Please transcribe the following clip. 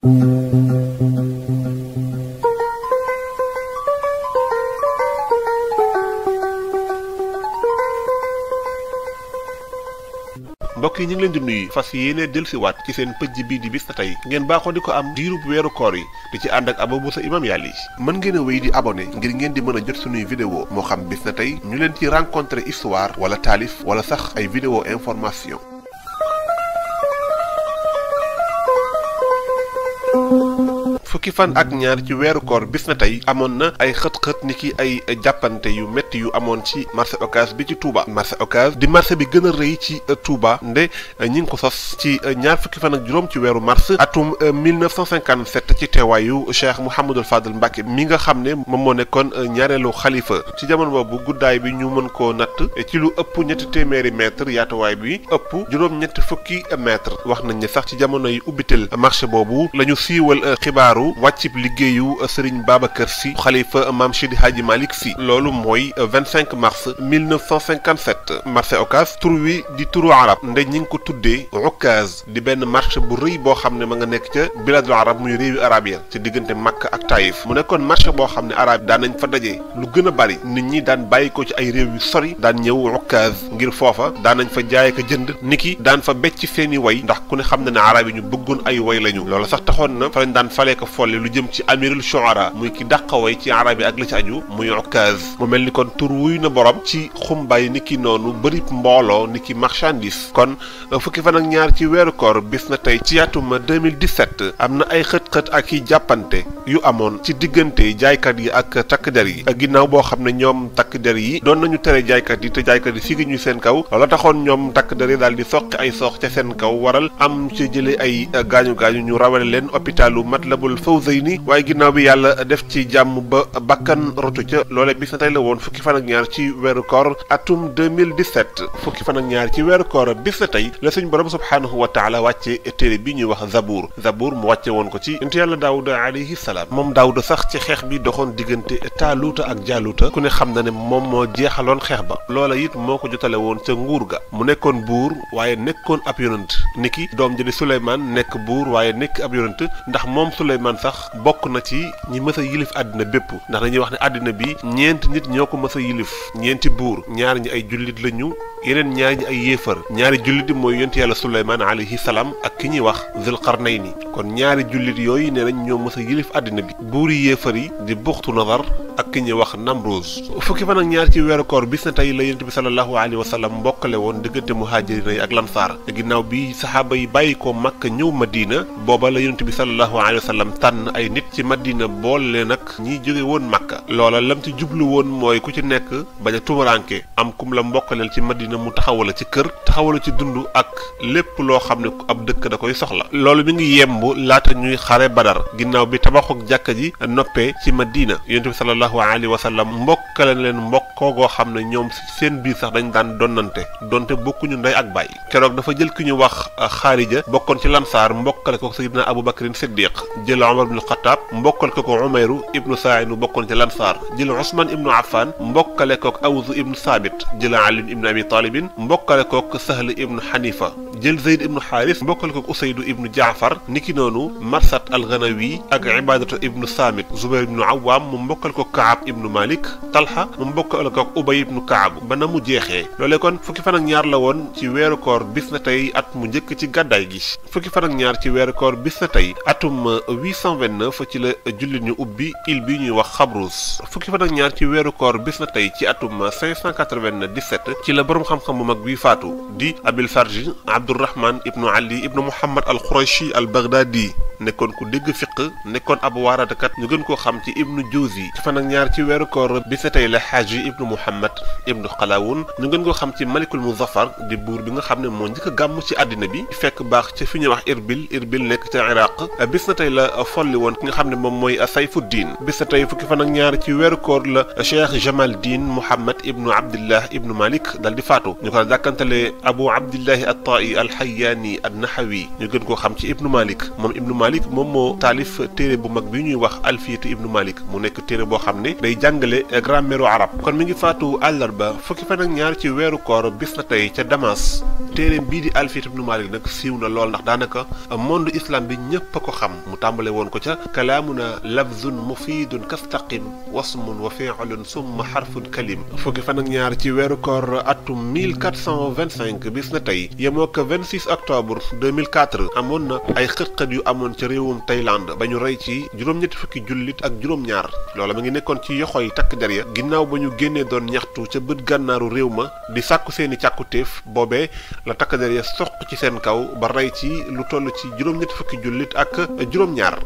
mbokk yi ñu ngi leen di nuyu fas yéene dellusiwaat ci seen pëj bii di bis ta tey ngeen baaxoo di ko am diirub weeru koor yi di ci ànd ak Aba Moussa Imam Yàlla yi mën ngeen a di abonné ngir ngeen di mën a jot suñuy vidéo moo xam bis na tey ñu leen ci rencontré histoire wala taalif wala sax ay vidéo information fukki fan ak ñaar ci weeru koor bis na tey amoon na ay xët-xët ni ki ay jàppante yu métti yu amoon ci marché Ocass bi ci Touba marché Ocass di marché bi gën a rëy ci euh, Touba nde euh, ñi ngi ko sos ci euh, ñaar fukki fan ak juróom ci weeru mars atum 1957 ci teewaayu Cheikh Mouhamadul Fadal Mbacke mi nga xam ne moomoo moo nekkoon ñaareelu xalifa ci jamono boobu guddaay bi ñu mën koo natt ci lu ëpp ñetti téeméeri mètre yaatuwaay bi ëpp juróom-ñetti fukki mètre wax nañ ne sax ci jamono yi ubbitel marché boobu la ñu siiwal ndakaaru wàccib liggéeyu sëriñ Babacar Sy xalifa maam Seydi Hadji loolu mooy 25 mars 1957 marché Ocass tur wi di turu arab nde ñi ngi ko tuddee Ocass di benn marché bu rëy boo xam ne ma nga nekk ca biladul arab muy réewi arab ya ci diggante Makka ak Taïf mu nekkoon marché boo xam ne arab daan nañ fa daje lu gën a bari nit ñi daan bàyyi ko ci ay réew yu sori daan ñëw Ocass ngir foofa daan nañ fa jaay ko jënd niki daan fa becc seeni way ndax ku ne xam ne arab ay way lañu folle lu jëm ci amirul shuara muy ki dàqaway ci arab yi ak la ci aju muy okaz mu mel ni kon tur wuy na borom ci xumbaay ni ki noonu bëri mbooloo ni ki marchandise kon euh, fukki fan ak ñaar ci weeru koor bis na tey ci yatuma 2017 am na ay xët-xët ak yi jàppante yu amoon ci diggante jaaykat yi ak takk der yi ak ginnaaw boo xam ne ñoom takk der yi doon nañu tere jaaykat yi te jaaykat yi fii ñuy seen kaw la taxoon ñoom takk der yi daal di soqi ay soox ca seen kaw waral am ci jële ay gaañu gaañu ñu rawale leen hôpitalu Matlabul Fawzeyni waaye ginnaaw bi yàlla def ci jàmm ba bakkan rotu ca loole bis na tey la woon fukki fan ak ñaar ci weeru koor atum 2017 fukki fan ak ñaar ci weeru koor bis na tey la suñ borom subhaanahu wa taala wàcce téere bi ñuy wax zabuur zabuur mu wàcce woon ko ci intu yàlla daawuda alayhi salaam moom daawuda sax ci xeex bi doxoon diggante taaluuta ak jaaluuta ku ne xam na ne moom moo jeexaloon xeex ba loola it moo ko jotale woon ca nguur ga mu nekkoon buur waaye nekkoon ab yonant niki doom jëli Suleymaan nekk buur waaye nekk ab yonant Ousmane sax bokk na ci ñi mës a yilif àddina bépp ndax dañuy wax ne àddina bi ñeenti nit ñoo ko mës a yilif ñeenti buur ñaar ñi ay jullit lañu yeneen ñaari ay yéefar ñaari jullit yi mooy yonent yàlla Suleymaan alayhi salaam ak ki ñuy wax Zul Qarnayni kon ñaari jullit yooyu nee nañ ñoo mës a yilif àddina bi buuri yéefar yi di buxtu nazar ak ki ñuy wax Namroos fukki fan ak ñaar ci weeru koor bis na tey la yonent bi sallallahu alayhi wa sallam mbokkale woon diggante muhaajirina yi ak lamsaar te ginnaaw bi saxaaba yi bàyyi ko Makka ñëw Madina booba la yent bi sallallahu alayhi wa sallam tànn ay nit ci Madina boole leen ak ñiy jóge woon Makka loola lam ci jublu woon mooy ku ci nekk bañ a tumuranke am kum la mbokkaleel ci Madina dina mu taxawala ci kër taxawala ci dund ak lépp loo xam ne ab dëkk da koy soxla loolu mi ngi yemb laata ñuy xare badar ginnaaw bi tabaxuk jàkka ji noppee ci madina yonent bi sallallahu alayhi wa sallam mbokk bokkale na leen mbokkoo goo xam ne ñoom seen biir sax dañ daan donnante donte bokkuñu ndey ak bàyyi keroog dafa jël ki ñu wax ah, xaarija bokkoon ci lamsaar mbokkale ko sayidna abou bakrin siddiq jël omar ibnu xataab mbokkal ko ko umayru ibnu saayinu bokkoon ci lamsaar jël ousman ibnu affan mbokkale kook awzu ibnu saabit jël ali ibnu abi taalibin mbokkale kook sahl ibnu xanifa jël zeyd ibnu xaaris mbokkal kook usaydu ibnu jaafar niki noonu marsat alganawi ak ibadatu ibnu saamit zubayr ibnu mu mbokkal ko kaab ibnu talxa mu mbokk ko ak ubay ibnu kaab ba na mu jeexee loole kon fukki fan ak ñaar la woon ci weeru koor bis na tey at mu njëkk ci gàddaay gi fukki fan ak ñaar ci weeru koor bis na tey atum 829 ci la jullit ñu ubbi île bi ñuy wax xabruus fukki fan ak ñaar ci weeru koor bis na tey ci atum 597 ci la boroom xam-xam bu mag bi faatu di abil farji abdurrahman ibnu ali ibnu muhammad al qurashi al baghdadi nekkoon ku dégg fiq nekkoon ab waaratakat ñu gën koo xam ci ibnu Jawzi ci fan ak ñaar ci weeru koor bi setey la xaaji ibnu Muhammad ibnu Xalaawun ñu gën koo xam ci malikul muzaffar di buur bi nga xam ne moo njëkk gàmm ci àddina bi fekk baax ca fi ñu wax Irbil Irbil nekk ca Iraq bis na tey la folli woon ki nga xam ne moom mooy Sayfuddin bis na tey ki fan ak ñaar ci weeru koor la Cheikh Jamaldin Muhammad ibnu Abdillah ibnu Malik dal di faatu ñu ko dàkkantalee Abu Abdillahi Attaai Alxayaani Annaxawi ñu gën koo xam ci ibnu Malik moom moo taalif téere bu mag bi ñuy wax alfiyatu ibnu Malik mu nekk téere boo xam ne day jàngale grammaire arab kon mi ngi faatu àllarba fukki fan ak ñaar ci weeru koor bis na tey ca Damas téere bii di ibnu Malik nag siiw na lool ndax daanaka monde islam bi ñëpp a ko xam mu tàmbale woon ko ca kalaamuna lafzun mufidun kastaqim wasmun wa fi'lun summa xarfun kalim fukki fan ak ñaar ci weeru koor atum 1425 bis na tey yemoo ko 26 octobre 2004 amoon na ay xët-xët yu amoon ca réewum Thaïlande ba ñu rey ci juróom fukki jullit ak juróom-ñaar loola ma ngi nekkoon ci yoxo yi takk der ya ginnaaw ba ñu génnee doon ñaxtu ca bët gànnaaru réew ma di sàkku seeni càkkutéef boobe la takk der ya soq ci seen kaw ba rey ci lu toll ci juróom-ñetti fukki ak juróom-ñaar